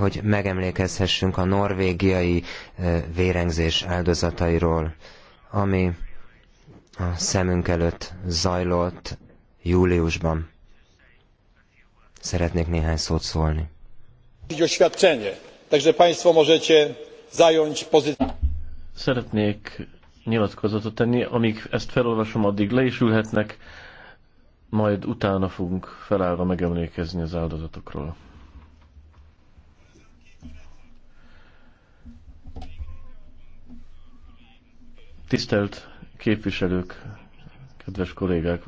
hogy megemlékezhessünk a norvégiai vérengzés áldozatairól, ami a szemünk előtt zajlott júliusban. Szeretnék néhány szót szólni. Szeretnék nyilatkozatot tenni, amíg ezt felolvasom, addig le is ülhetnek, majd utána fogunk felállva megemlékezni az áldozatokról. Tisztelt képviselők, kedves kollégák,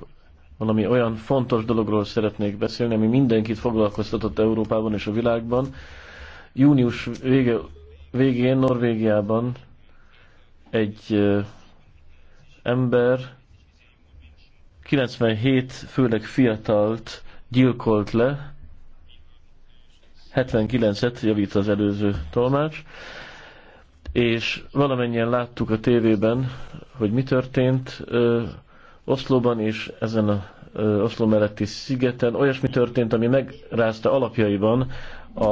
valami olyan fontos dologról szeretnék beszélni, ami mindenkit foglalkoztatott Európában és a világban. Június vége, végén Norvégiában egy ember 97 főleg fiatalt gyilkolt le, 79-et javít az előző tolmács, és valamennyien láttuk a tévében, hogy mi történt ö, Oszlóban és ezen a ö, Oszló melletti szigeten. Olyasmi történt, ami megrázta alapjaiban a,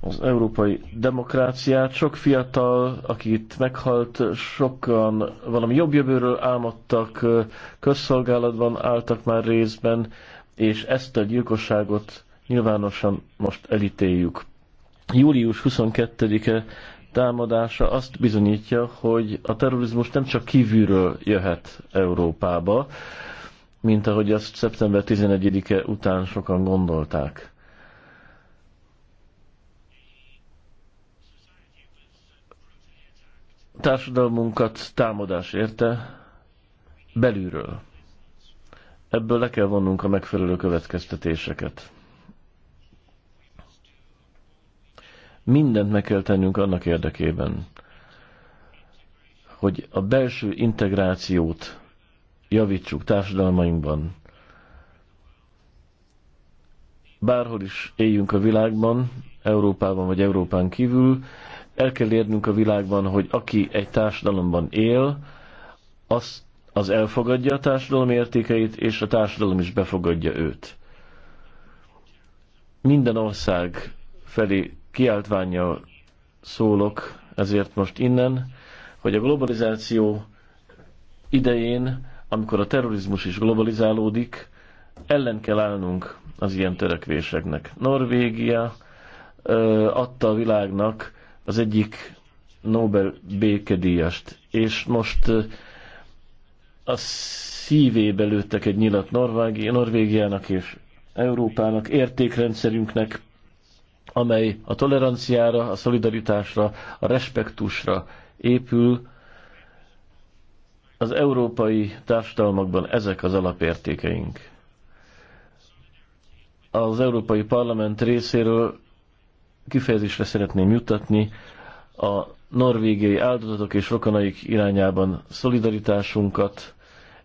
az európai demokráciát. Sok fiatal, akit meghalt, sokan valami jobb jövőről álmodtak, közszolgálatban álltak már részben, és ezt a gyilkosságot nyilvánosan most elítéljük július 22-e támadása azt bizonyítja, hogy a terrorizmus nem csak kívülről jöhet Európába, mint ahogy azt szeptember 11-e után sokan gondolták. Társadalmunkat támadás érte belülről. Ebből le kell vonnunk a megfelelő következtetéseket. Mindent meg kell tennünk annak érdekében, hogy a belső integrációt javítsuk társadalmainkban. Bárhol is éljünk a világban, Európában vagy Európán kívül, el kell érnünk a világban, hogy aki egy társadalomban él, az, az elfogadja a társadalom értékeit, és a társadalom is befogadja őt. Minden ország felé kiáltványjal szólok ezért most innen, hogy a globalizáció idején, amikor a terrorizmus is globalizálódik, ellen kell állnunk az ilyen törekvéseknek. Norvégia ö, adta a világnak az egyik Nobel békedíjast, és most ö, a szívébe lőttek egy nyilat Norvégi, Norvégiának és Európának, értékrendszerünknek, amely a toleranciára, a szolidaritásra, a respektusra épül, az európai társadalmakban ezek az alapértékeink. Az Európai Parlament részéről kifejezésre szeretném jutatni a norvégiai áldozatok és rokonaik irányában szolidaritásunkat,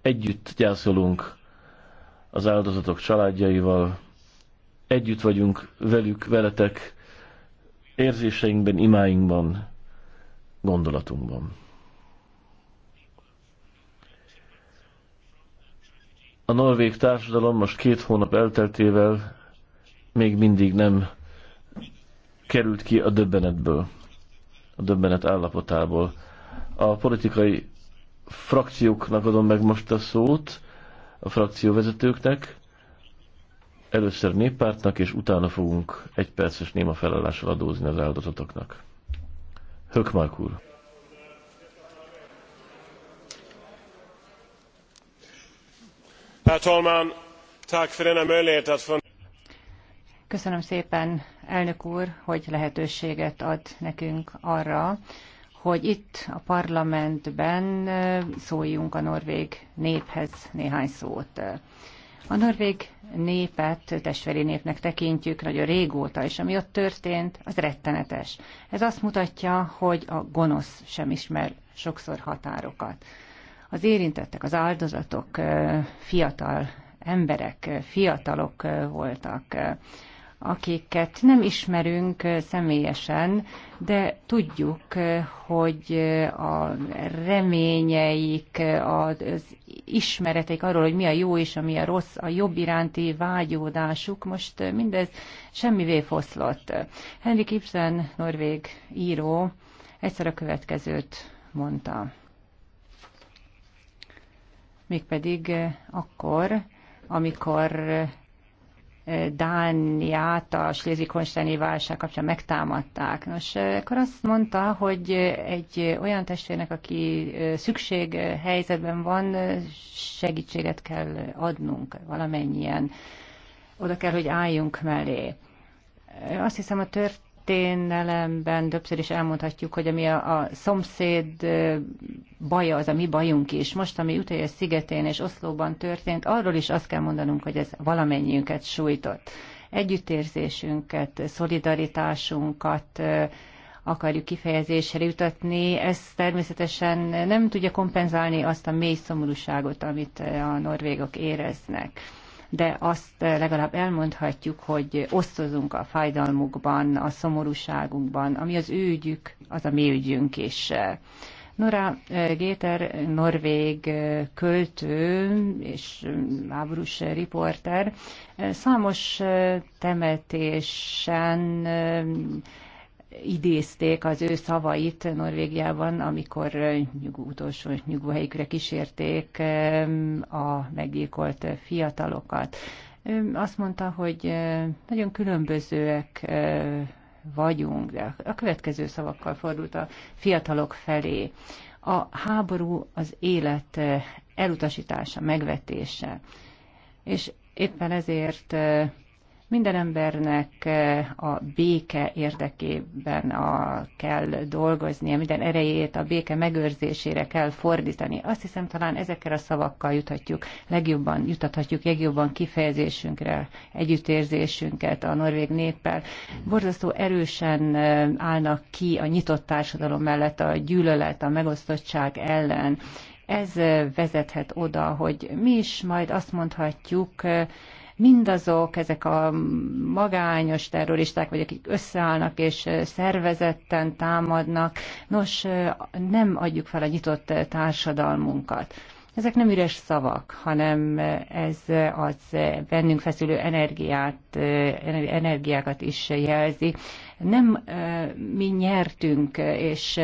együtt gyászolunk az áldozatok családjaival, együtt vagyunk velük, veletek, érzéseinkben, imáinkban, gondolatunkban. A norvég társadalom most két hónap elteltével még mindig nem került ki a döbbenetből, a döbbenet állapotából. A politikai frakcióknak adom meg most a szót, a frakcióvezetőknek. Először néppártnak, és utána fogunk egy perces néma felállással adózni az áldozatoknak. Hökmark úr. Herr Tolman, tack för denna möjlighet att Köszönöm szépen, elnök úr, hogy lehetőséget ad nekünk arra, hogy itt a parlamentben szóljunk a norvég néphez néhány szót. A norvég népet testvéri népnek tekintjük nagyon régóta, és ami ott történt, az rettenetes. Ez azt mutatja, hogy a gonosz sem ismer sokszor határokat. Az érintettek, az áldozatok fiatal emberek, fiatalok voltak akiket nem ismerünk személyesen, de tudjuk, hogy a reményeik, az ismereteik arról, hogy mi a jó és ami a rossz, a jobb iránti vágyódásuk, most mindez semmivé foszlott. Henrik Ibsen, norvég író, egyszer a következőt mondta. Mégpedig akkor, amikor Dániát a Schleswig-Holsteini válság kapcsán megtámadták. Nos, eh, akkor azt mondta, hogy egy olyan testvérnek, aki eh, szükség eh, helyzetben van, segítséget kell adnunk valamennyien. Oda kell, hogy álljunk mellé. Azt hiszem, a tört történelemben többször is elmondhatjuk, hogy ami a, a szomszéd baja, az a mi bajunk is. Most, ami Utelyes szigetén és Oszlóban történt, arról is azt kell mondanunk, hogy ez valamennyiünket sújtott. Együttérzésünket, szolidaritásunkat akarjuk kifejezésre jutatni. Ez természetesen nem tudja kompenzálni azt a mély szomorúságot, amit a norvégok éreznek de azt eh, legalább elmondhatjuk, hogy osztozunk a fájdalmukban, a szomorúságunkban, ami az ő ügyük, az a mi ügyünk is. Nora eh, Géter, norvég eh, költő és mm, háborús riporter, számos temetésen idézték az ő szavait Norvégiában, amikor nyugú, utolsó nyugvóhelyükre kísérték a meggyilkolt fiatalokat. Ő azt mondta, hogy nagyon különbözőek vagyunk, de a következő szavakkal fordult a fiatalok felé. A háború az élet elutasítása, megvetése. És éppen ezért minden embernek eh, a béke érdekében a, kell dolgoznia, minden erejét a béke megőrzésére kell fordítani. Azt hiszem, talán ezekkel a szavakkal juthatjuk, legjobban jutathatjuk legjobban kifejezésünkre, együttérzésünket a norvég néppel. Borzasztó erősen eh, állnak ki a nyitott társadalom mellett a gyűlölet, a megosztottság ellen. Ez eh, vezethet oda, hogy mi is majd azt mondhatjuk, mindazok, ezek a magányos terroristák, vagy akik összeállnak és szervezetten támadnak, nos, nem adjuk fel a nyitott társadalmunkat. Ezek nem üres szavak, hanem ez az bennünk feszülő energiát, energiákat is jelzi. Nem mi nyertünk, és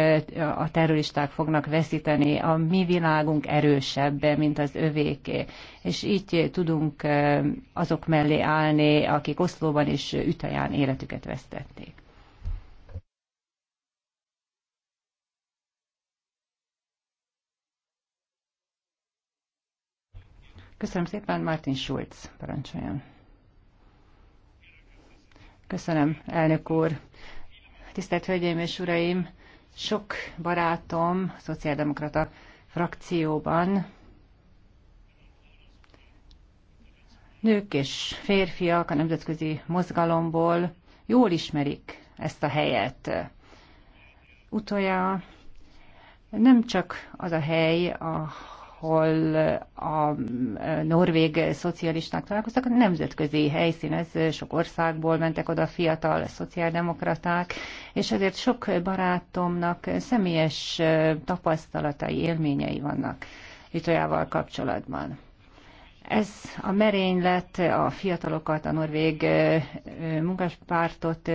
a terroristák fognak veszíteni. A mi világunk erősebb, mint az övéké. És így tudunk azok mellé állni, akik Oszlóban és Ütaján életüket vesztették. Köszönöm szépen, Martin Schulz, parancsoljon. Köszönöm, elnök úr. Tisztelt Hölgyeim és Uraim, sok barátom, szociáldemokrata frakcióban nők és férfiak a nemzetközi mozgalomból jól ismerik ezt a helyet. Utoljára nem csak az a hely, a ahol a norvég szocialisták találkoztak, a nemzetközi helyszín, ez sok országból mentek oda fiatal szociáldemokraták, és ezért sok barátomnak személyes tapasztalatai, élményei vannak Litojával kapcsolatban. Ez a merénylet a fiatalokat, a norvég munkáspártot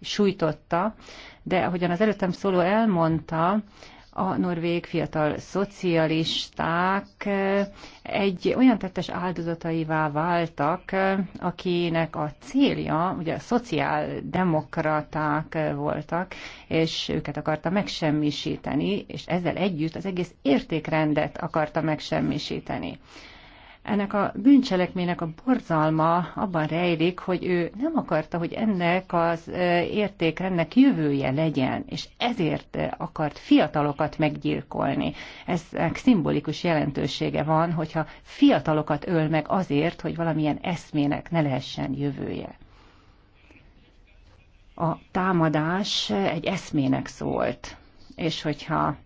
sújtotta, de ahogyan az előttem szóló elmondta, a norvég fiatal szocialisták eh, egy olyan tettes áldozataivá váltak, eh, akinek a célja, ugye a szociáldemokraták eh, voltak, és őket akarta megsemmisíteni, és ezzel együtt az egész értékrendet akarta megsemmisíteni. Ennek a bűncselekménynek a borzalma abban rejlik, hogy ő nem akarta, hogy ennek az ennek jövője legyen, és ezért akart fiatalokat meggyilkolni. Ez szimbolikus jelentősége van, hogyha fiatalokat öl meg azért, hogy valamilyen eszmének ne lehessen jövője. A támadás egy eszmének szólt, és hogyha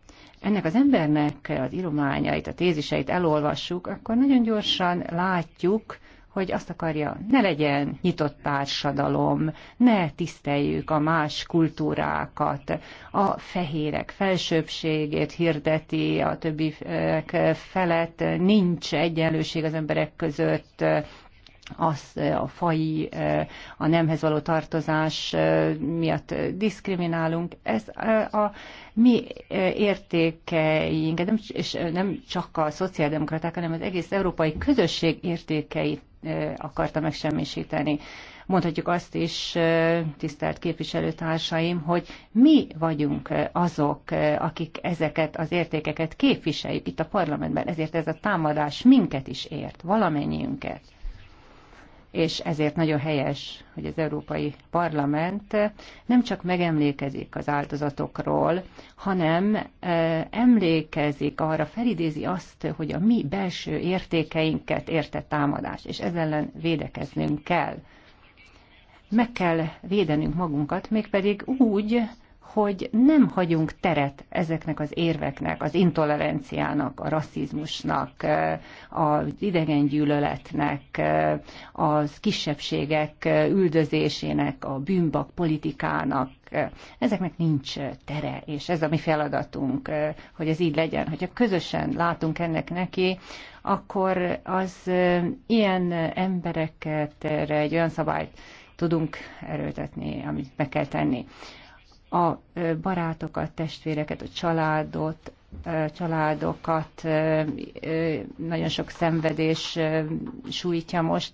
ennek az embernek az írományait, a téziseit elolvassuk, akkor nagyon gyorsan látjuk, hogy azt akarja, ne legyen nyitott társadalom, ne tiszteljük a más kultúrákat, a fehérek felsőbségét hirdeti, a többiek felett nincs egyenlőség az emberek között, az a fai, a nemhez való tartozás miatt diszkriminálunk. Ez a mi értékeink, és nem csak a szociáldemokraták, hanem az egész európai közösség értékeit akarta megsemmisíteni. Mondhatjuk azt is, tisztelt képviselőtársaim, hogy mi vagyunk azok, akik ezeket az értékeket képviseljük itt a parlamentben, ezért ez a támadás minket is ért, valamennyiünket és ezért nagyon helyes, hogy az Európai Parlament nem csak megemlékezik az áldozatokról, hanem emlékezik arra, felidézi azt, hogy a mi belső értékeinket érte támadás, és ezzel ellen védekeznünk kell. Meg kell védenünk magunkat, mégpedig úgy, hogy nem hagyunk teret ezeknek az érveknek, az intoleranciának, a rasszizmusnak, eh, az idegengyűlöletnek, eh, az kisebbségek eh, üldözésének, a bűnbak politikának. Ezeknek nincs tere, és ez a mi feladatunk, hogy ez így legyen. Hogyha közösen látunk ennek neki, akkor az ilyen embereket egy olyan szabályt tudunk erőltetni, amit meg kell tenni a barátokat, testvéreket, a családot, családokat nagyon sok szenvedés sújtja most.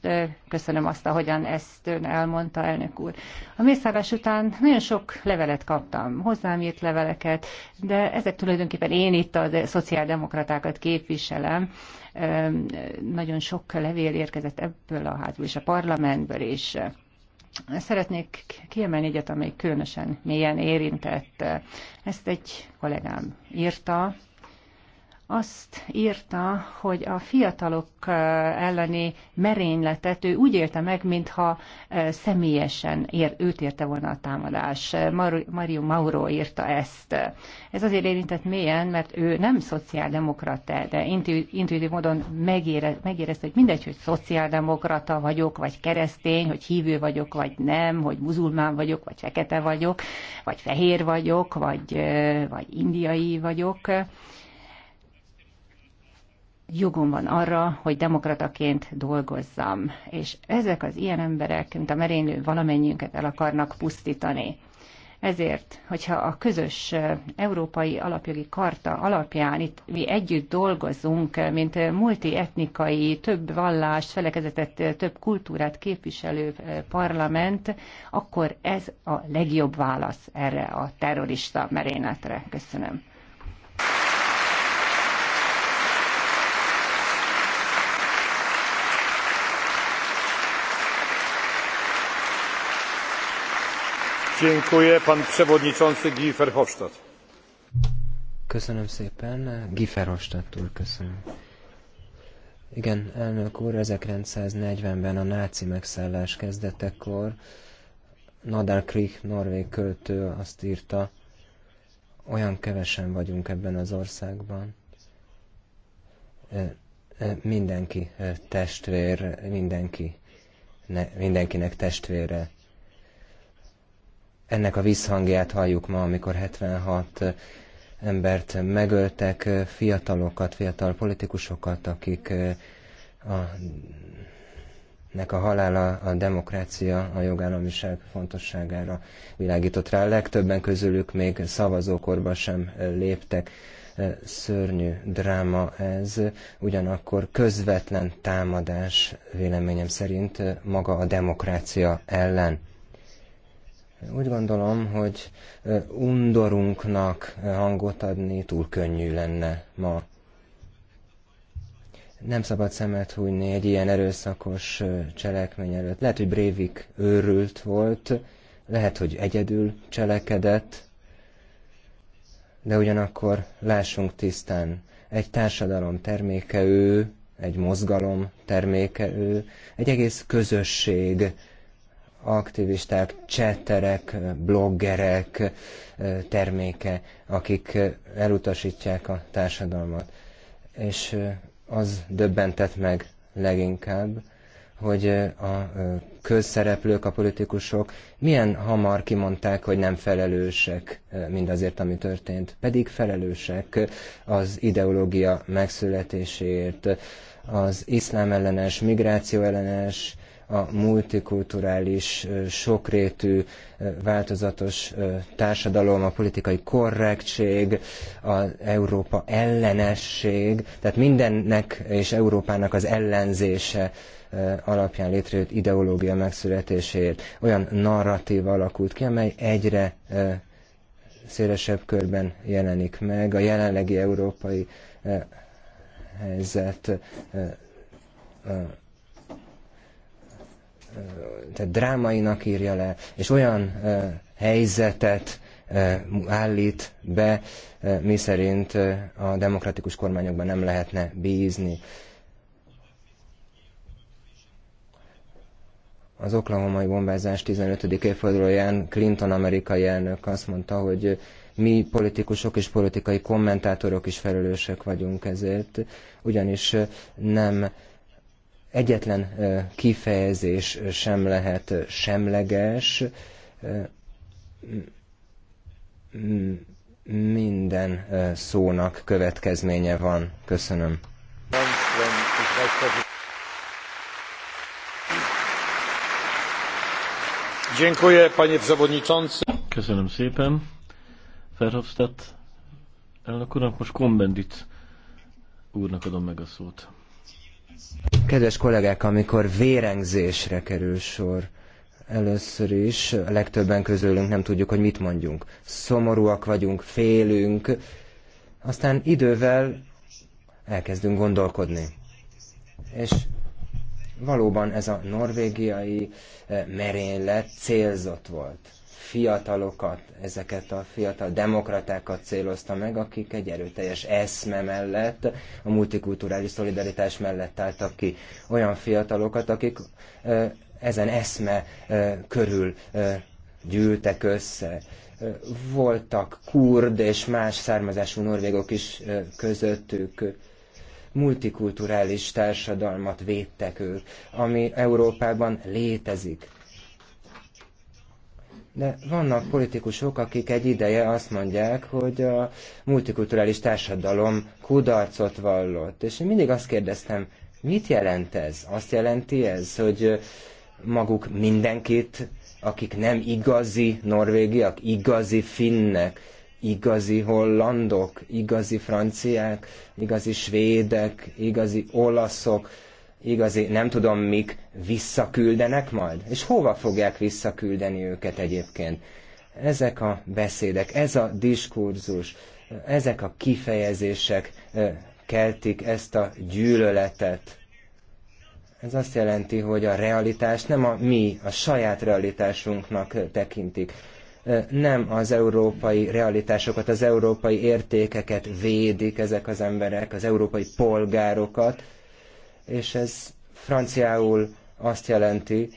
Köszönöm azt, ahogyan ezt ön elmondta, elnök úr. A mészállás után nagyon sok levelet kaptam, hozzám írt leveleket, de ezek tulajdonképpen én itt a szociáldemokratákat képviselem. Nagyon sok levél érkezett ebből a házból és a parlamentből is. Szeretnék kiemelni egyet, amely különösen mélyen érintett. Ezt egy kollégám írta, azt írta, hogy a fiatalok elleni merényletet ő úgy élte meg, mintha személyesen ér, őt érte volna a támadás. Mario Mauro írta ezt. Ez azért érintett mélyen, mert ő nem szociáldemokrata, de intuitív módon megére, megérezte, hogy mindegy, hogy szociáldemokrata vagyok, vagy keresztény, hogy hívő vagyok, vagy nem, hogy muzulmán vagyok, vagy fekete vagyok, vagy fehér vagyok, vagy, vagy indiai vagyok jogom van arra, hogy demokrataként dolgozzam. És ezek az ilyen emberek, mint a merénylő, valamennyünket el akarnak pusztítani. Ezért, hogyha a közös európai alapjogi karta alapján itt mi együtt dolgozunk, mint multietnikai, több vallás felekezetet, több kultúrát képviselő parlament, akkor ez a legjobb válasz erre a terrorista merényletre. Köszönöm. Köszönöm szépen, Guy Verhofstadt úr, köszönöm. Igen, elnök úr, 1940-ben a náci megszállás kezdetekor Nadal Krik, norvég költő azt írta, olyan kevesen vagyunk ebben az országban. Mindenki testvér, mindenki, ne, mindenkinek testvére ennek a visszhangját halljuk ma, amikor 76 embert megöltek, fiatalokat, fiatal politikusokat, akik eh, a, nek a halála a demokrácia, a jogállamiság fontosságára világított rá. Legtöbben közülük még szavazókorban sem eh, léptek. Eh, szörnyű dráma ez, ugyanakkor közvetlen támadás véleményem szerint maga a demokrácia ellen. Úgy gondolom, hogy undorunknak hangot adni túl könnyű lenne ma. Nem szabad szemet hújni egy ilyen erőszakos cselekmény előtt. Lehet, hogy Brévik őrült volt, lehet, hogy egyedül cselekedett, de ugyanakkor lássunk tisztán, egy társadalom terméke ő, egy mozgalom terméke ő, egy egész közösség aktivisták, csetterek, bloggerek terméke, akik elutasítják a társadalmat. És az döbbentett meg leginkább, hogy a közszereplők, a politikusok milyen hamar kimondták, hogy nem felelősek mindazért, ami történt, pedig felelősek az ideológia megszületéséért, az iszlám ellenes, migráció ellenes, a multikulturális, sokrétű, változatos társadalom, a politikai korrektség, az Európa ellenesség, tehát mindennek és Európának az ellenzése alapján létrejött ideológia megszületéséért. Olyan narratív alakult ki, amely egyre szélesebb körben jelenik meg. A jelenlegi európai helyzet tehát drámainak írja le, és olyan helyzetet állít be, mi szerint a demokratikus kormányokban nem lehetne bízni. Az oklahomai bombázás 15. évfordulóján Clinton amerikai elnök azt mondta, hogy mi politikusok és politikai kommentátorok is felelősek vagyunk ezért, ugyanis nem Egyetlen kifejezés sem lehet semleges, minden szónak következménye van. Köszönöm. Köszönöm szépen. Verhofstadt elnök úrnak most Kombendit úrnak adom meg a szót. Kedves kollégák, amikor vérengzésre kerül sor, először is a legtöbben közülünk nem tudjuk, hogy mit mondjunk. Szomorúak vagyunk, félünk, aztán idővel elkezdünk gondolkodni. És valóban ez a norvégiai eh, merénylet célzott volt fiatalokat, ezeket a fiatal demokratákat célozta meg, akik egy erőteljes eszme mellett, a multikulturális szolidaritás mellett álltak ki. Olyan fiatalokat, akik ezen eszme körül gyűltek össze. Voltak kurd és más származású norvégok is közöttük multikulturális társadalmat védtek ők, ami Európában létezik. De vannak politikusok, akik egy ideje azt mondják, hogy a multikulturális társadalom kudarcot vallott. És én mindig azt kérdeztem, mit jelent ez? Azt jelenti ez, hogy maguk mindenkit, akik nem igazi norvégiak, igazi finnek, igazi hollandok, igazi franciák, igazi svédek, igazi olaszok, igazi, nem tudom mik, visszaküldenek majd? És hova fogják visszaküldeni őket egyébként? Ezek a beszédek, ez a diskurzus, ezek a kifejezések keltik ezt a gyűlöletet. Ez azt jelenti, hogy a realitás nem a mi, a saját realitásunknak tekintik. Nem az európai realitásokat, az európai értékeket védik ezek az emberek, az európai polgárokat, és ez franciául azt jelenti,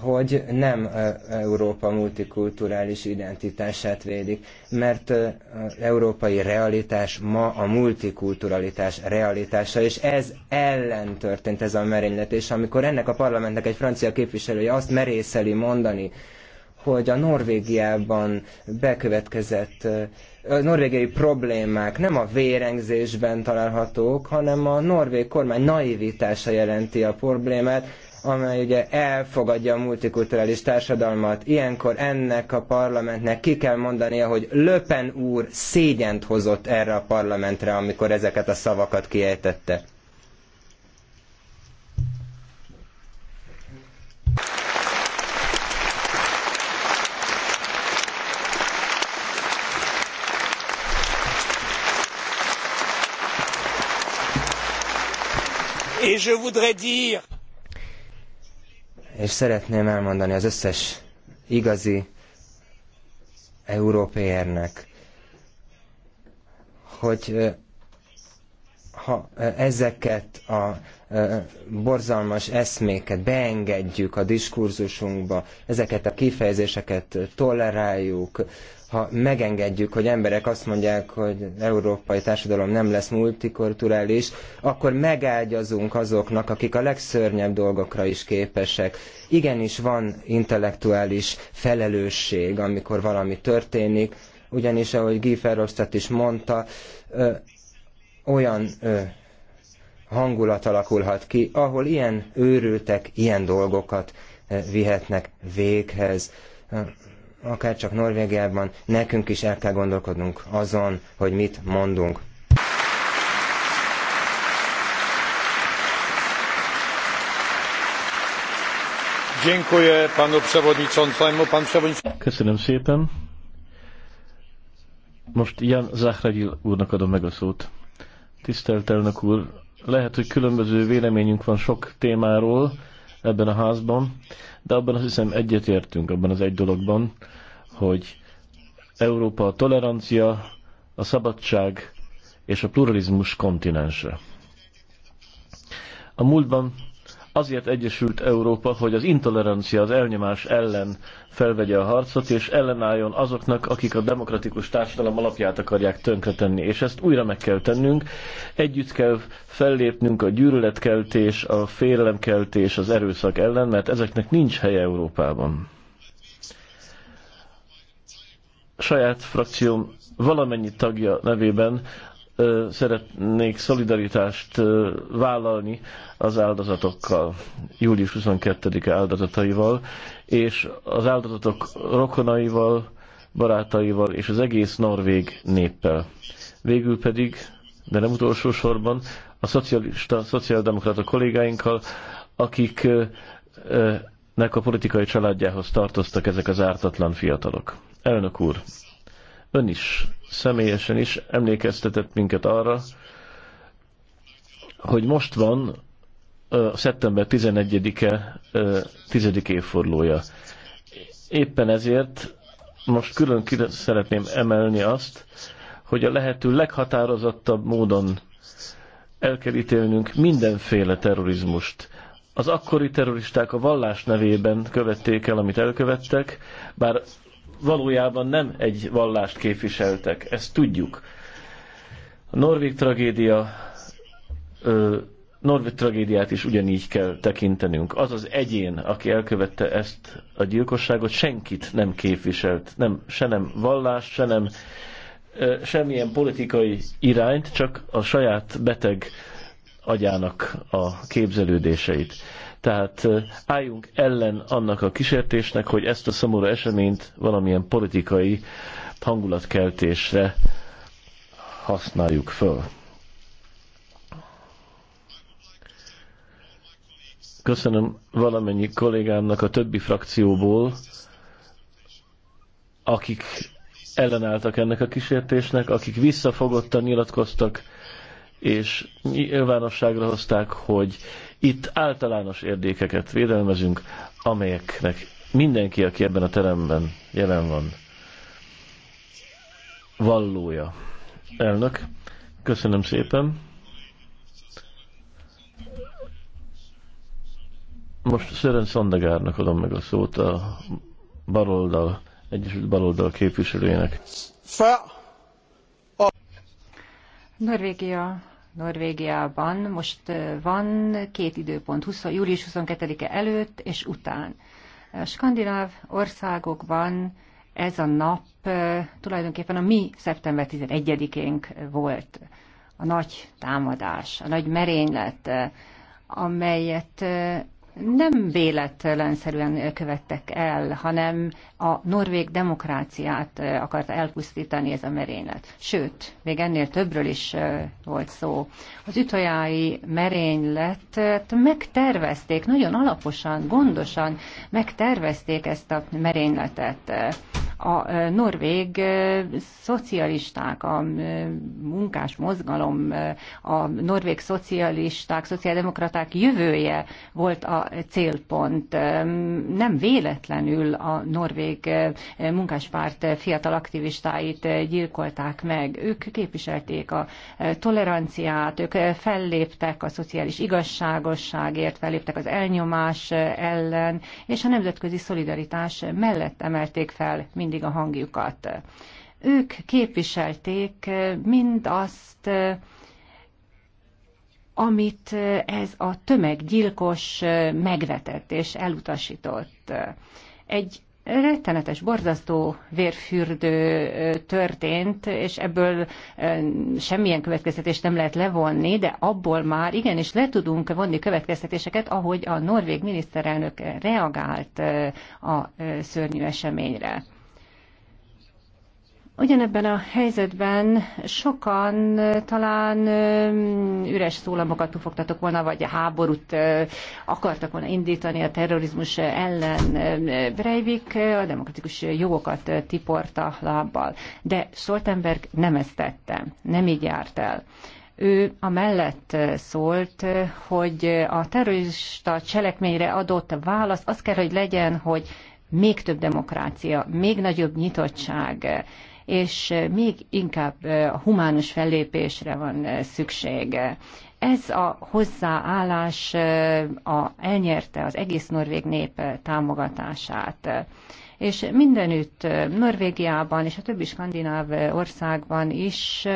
hogy nem Európa multikulturális identitását védik, mert az európai realitás ma a multikulturalitás realitása, és ez ellen történt ez a merénylet, és amikor ennek a parlamentnek egy francia képviselője azt merészeli mondani, hogy a Norvégiában bekövetkezett norvégiai problémák nem a vérengzésben találhatók, hanem a norvég kormány naivitása jelenti a problémát, amely ugye elfogadja a multikulturális társadalmat. Ilyenkor ennek a parlamentnek ki kell mondania, hogy Löpen úr szégyent hozott erre a parlamentre, amikor ezeket a szavakat kiejtette. je voudrais dire... És szeretném elmondani az összes igazi európérnek, hogy ha ezeket a borzalmas eszméket beengedjük a diskurzusunkba, ezeket a kifejezéseket toleráljuk, ha megengedjük, hogy emberek azt mondják, hogy európai társadalom nem lesz multikulturális, akkor megágyazunk azoknak, akik a legszörnyebb dolgokra is képesek. Igenis van intellektuális felelősség, amikor valami történik, ugyanis, ahogy Guy Ferrostat is mondta, ö, olyan ö, hangulat alakulhat ki, ahol ilyen őrültek ilyen dolgokat ö, vihetnek véghez akár csak Norvégiában, nekünk is el kell gondolkodnunk azon, hogy mit mondunk. Köszönöm szépen. Most Jan Zahragyil úrnak adom meg a szót. Tisztelt elnök úr, lehet, hogy különböző véleményünk van sok témáról, ebben a házban, de abban azt hiszem egyetértünk, abban az egy dologban, hogy Európa a tolerancia, a szabadság és a pluralizmus kontinense. A múltban Azért egyesült Európa, hogy az intolerancia, az elnyomás ellen felvegye a harcot, és ellenálljon azoknak, akik a demokratikus társadalom alapját akarják tönkretenni. És ezt újra meg kell tennünk. Együtt kell fellépnünk a gyűlöletkeltés, a félelemkeltés, az erőszak ellen, mert ezeknek nincs helye Európában saját frakcióm valamennyi tagja nevében szeretnék szolidaritást vállalni az áldozatokkal, július 22-e áldozataival, és az áldozatok rokonaival, barátaival és az egész norvég néppel. Végül pedig, de nem utolsó sorban, a szocialista, szociáldemokrata kollégáinkkal, akiknek a politikai családjához tartoztak ezek az ártatlan fiatalok. Elnök úr! ön is személyesen is emlékeztetett minket arra, hogy most van ö, szeptember 11-e 10. évfordulója. Éppen ezért most külön szeretném emelni azt, hogy a lehető leghatározottabb módon el kell ítélnünk mindenféle terrorizmust. Az akkori terroristák a vallás nevében követték el, amit elkövettek, bár valójában nem egy vallást képviseltek, ezt tudjuk. A norvég tragédia, ö, norvég tragédiát is ugyanígy kell tekintenünk. Az az egyén, aki elkövette ezt a gyilkosságot, senkit nem képviselt, nem, se nem vallást, se nem ö, semmilyen politikai irányt, csak a saját beteg agyának a képzelődéseit. Tehát álljunk ellen annak a kísértésnek, hogy ezt a szomorú eseményt valamilyen politikai hangulatkeltésre használjuk föl. Köszönöm valamennyi kollégámnak a többi frakcióból, akik ellenálltak ennek a kísértésnek, akik visszafogottan nyilatkoztak, és nyilvánosságra hozták, hogy itt általános érdékeket védelmezünk, amelyeknek mindenki, aki ebben a teremben jelen van, vallója. Elnök, köszönöm szépen. Most Szeren Szandagárnak adom meg a szót a baloldal, Egyesült Baloldal képviselőjének. Norvégia Norvégiában most van két időpont, 20, július 22-e előtt és után. A skandináv országokban ez a nap tulajdonképpen a mi szeptember 11-énk volt. A nagy támadás, a nagy merénylet, amelyet nem véletlenszerűen követtek el, hanem a norvég demokráciát eh, akart elpusztítani ez a merénylet. Sőt, még ennél többről is eh, volt szó. Az ütajái merényletet megtervezték, nagyon alaposan, gondosan megtervezték ezt a merényletet. A norvég szocialisták, a munkás mozgalom, a norvég szocialisták, szociáldemokraták jövője volt a célpont. Nem véletlenül a norvég munkáspárt fiatal aktivistáit gyilkolták meg. Ők képviselték a toleranciát, ők felléptek a szociális igazságosságért, felléptek az elnyomás ellen, és a nemzetközi szolidaritás mellett emelték fel mind mindig a hangjukat. Ők képviselték mindazt, amit ez a tömeggyilkos megvetett és elutasított. Egy rettenetes, borzasztó vérfürdő történt, és ebből semmilyen következtetést nem lehet levonni, de abból már igenis le tudunk vonni következtetéseket, ahogy a norvég miniszterelnök reagált a szörnyű eseményre. Ugyanebben a helyzetben sokan talán üres szólamokat fogtatok volna, vagy háborút akartak volna indítani a terrorizmus ellen. Breivik a demokratikus jogokat tiporta lábbal. De Stoltenberg nem ezt tette, nem így járt el ő a mellett szólt, hogy a terrorista cselekményre adott válasz az kell, hogy legyen, hogy még több demokrácia, még nagyobb nyitottság, és eh, még inkább eh, a humánus fellépésre van eh, szükség. Ez a hozzáállás a, elnyerte az egész norvég nép támogatását és mindenütt Norvégiában és a többi skandináv országban is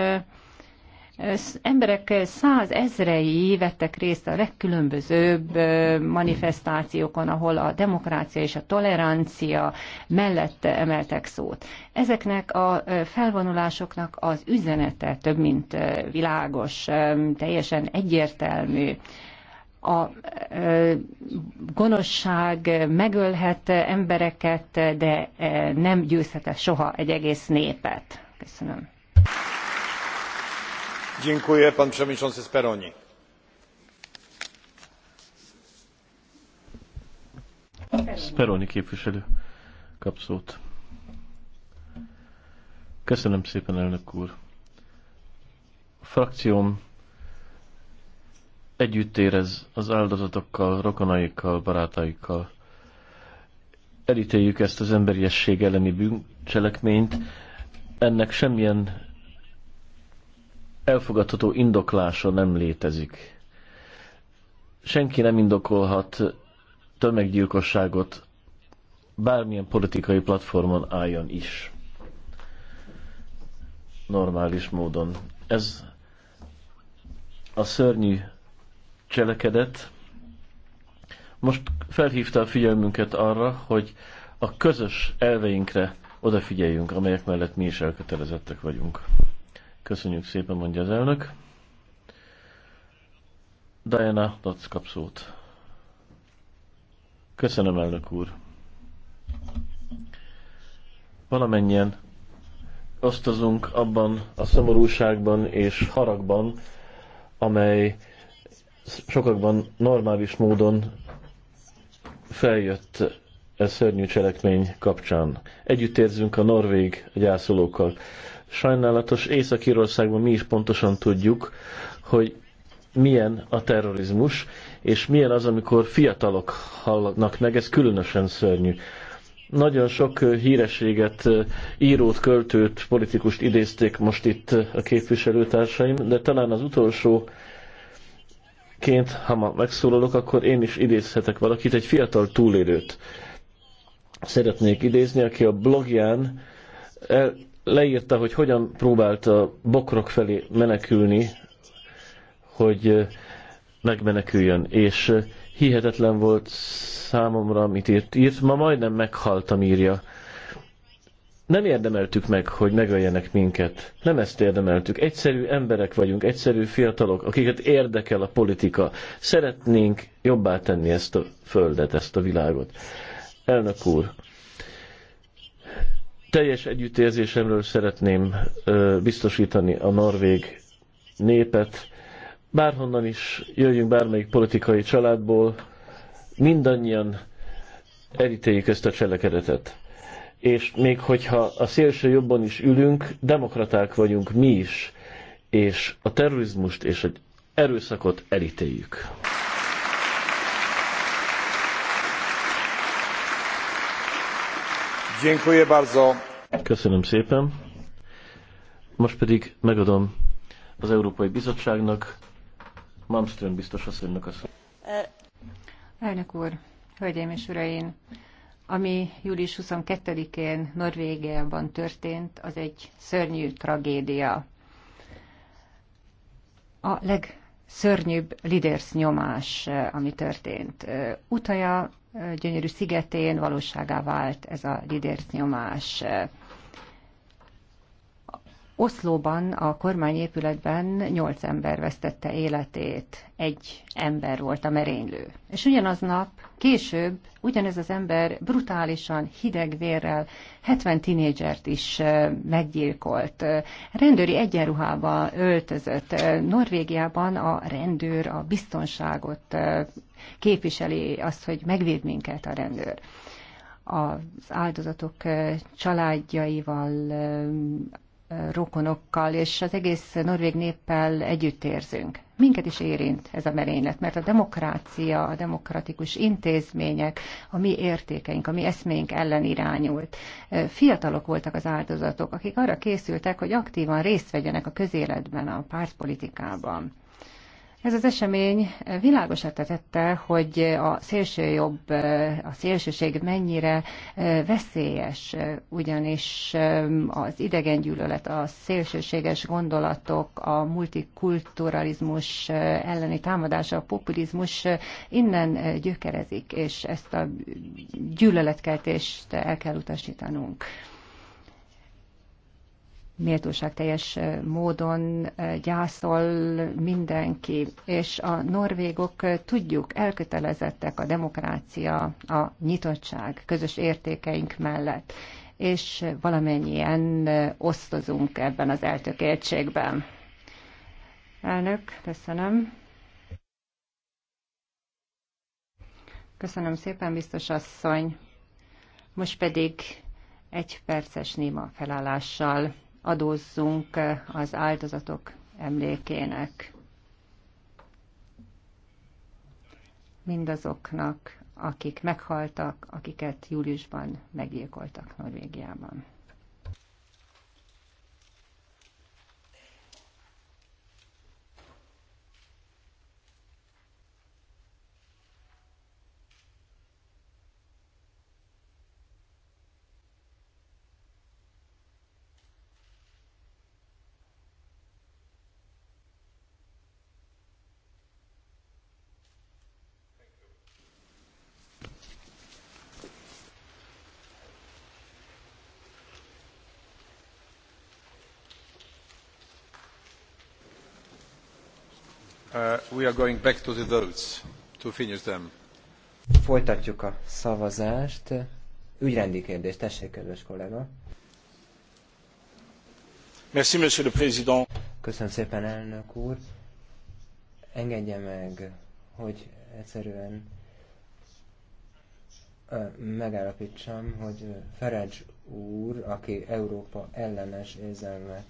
emberek százezrei vettek részt a legkülönbözőbb manifestációkon, ahol a demokrácia és a tolerancia mellett emeltek szót. Ezeknek a felvonulásoknak az üzenete több mint világos, teljesen egyértelmű a gonoszság megölhet embereket, de nem győzhet soha egy egész népet. Köszönöm. Speroni képviselő kap szót. Köszönöm szépen, elnök úr. A frakcióm együtt érez az áldozatokkal, rokonaikkal, barátaikkal. Elítéljük ezt az emberiesség elleni bűncselekményt. Ennek semmilyen elfogadható indoklása nem létezik. Senki nem indokolhat tömeggyilkosságot bármilyen politikai platformon álljon is. Normális módon. Ez a szörnyű cselekedet most felhívta a figyelmünket arra, hogy a közös elveinkre odafigyeljünk, amelyek mellett mi is elkötelezettek vagyunk. Köszönjük szépen, mondja az elnök. Diana adsz kap szót. Köszönöm, elnök úr. Valamennyien osztozunk abban a szomorúságban és haragban, amely sokakban normális módon feljött ez szörnyű cselekmény kapcsán. Együtt érzünk a norvég gyászolókkal. Sajnálatos Észak-Írországban mi is pontosan tudjuk, hogy milyen a terrorizmus, és milyen az, amikor fiatalok hallnak meg, ez különösen szörnyű. Nagyon sok hírességet, írót, költőt, politikust idézték most itt a képviselőtársaim, de talán az utolsó ként, ha ma megszólalok, akkor én is idézhetek valakit, egy fiatal túlélőt szeretnék idézni, aki a blogján el, leírta, hogy hogyan próbált a bokrok felé menekülni, hogy megmeneküljön, és hihetetlen volt számomra, amit írt. Írt, ma majdnem meghaltam, írja. Nem érdemeltük meg, hogy megöljenek minket. Nem ezt érdemeltük. Egyszerű emberek vagyunk, egyszerű fiatalok, akiket érdekel a politika. Szeretnénk jobbá tenni ezt a földet, ezt a világot. Elnök úr, teljes együttérzésemről szeretném biztosítani a norvég népet. Bárhonnan is jöjjünk, bármelyik politikai családból, mindannyian elítéljük ezt a cselekedetet. És még hogyha a szélső jobban is ülünk, demokraták vagyunk mi is, és a terrorizmust és az erőszakot elítéljük. Dziękuję bardzo. Köszönöm szépen. Most pedig megadom az Európai Bizottságnak, Malmström biztos asszonynak a szót. Eh, elnök úr, hölgyeim és uraim, ami július 22-én Norvégiában történt, az egy szörnyű tragédia. A legszörnyűbb lidersz nyomás, eh, ami történt. Eh, Utaja gyönyörű szigetén valóságá vált ez a lidércnyomás. nyomás. Oszlóban, a kormányépületben nyolc ember vesztette életét, egy ember volt a merénylő. És ugyanaznap, később ugyanez az ember brutálisan, hideg vérrel 70 tinédzsert is meggyilkolt. Rendőri egyenruhába öltözött. Norvégiában a rendőr a biztonságot képviseli azt, hogy megvéd minket a rendőr az áldozatok családjaival, rokonokkal és az egész norvég néppel együttérzünk. Minket is érint ez a merénylet, mert a demokrácia, a demokratikus intézmények, a mi értékeink, a mi eszméink ellen irányult. Fiatalok voltak az áldozatok, akik arra készültek, hogy aktívan részt vegyenek a közéletben, a pártpolitikában. Ez az esemény világosá tette, hogy a szélső jobb, a szélsőség mennyire veszélyes, ugyanis az idegengyűlölet, a szélsőséges gondolatok, a multikulturalizmus elleni támadása, a populizmus innen gyökerezik, és ezt a gyűlöletkeltést el kell utasítanunk méltóság teljes módon gyászol mindenki, és a norvégok tudjuk, elkötelezettek a demokrácia, a nyitottság közös értékeink mellett, és valamennyien osztozunk ebben az eltökéltségben. Elnök, köszönöm. Köszönöm szépen, biztos asszony. Most pedig egy perces néma felállással adózzunk az áldozatok emlékének. Mindazoknak, akik meghaltak, akiket júliusban meggyilkoltak Norvégiában. Folytatjuk a szavazást. Ügyrendi kérdés, tessék, kedves kollega. Merci, monsieur le président. Köszönöm szépen, elnök úr. Engedje meg, hogy egyszerűen megállapítsam, hogy Ferenc úr, aki Európa ellenes érzelmet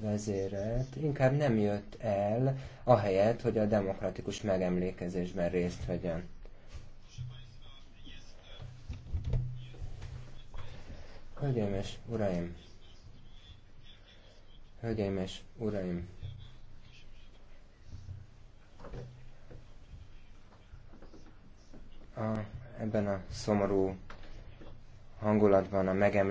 vezéret inkább nem jött el, ahelyett, hogy a demokratikus megemlékezésben részt vegyen. Hölgyeim és uraim! Hölgyeim és uraim! A, ebben a szomorú hangulatban a megemlékezés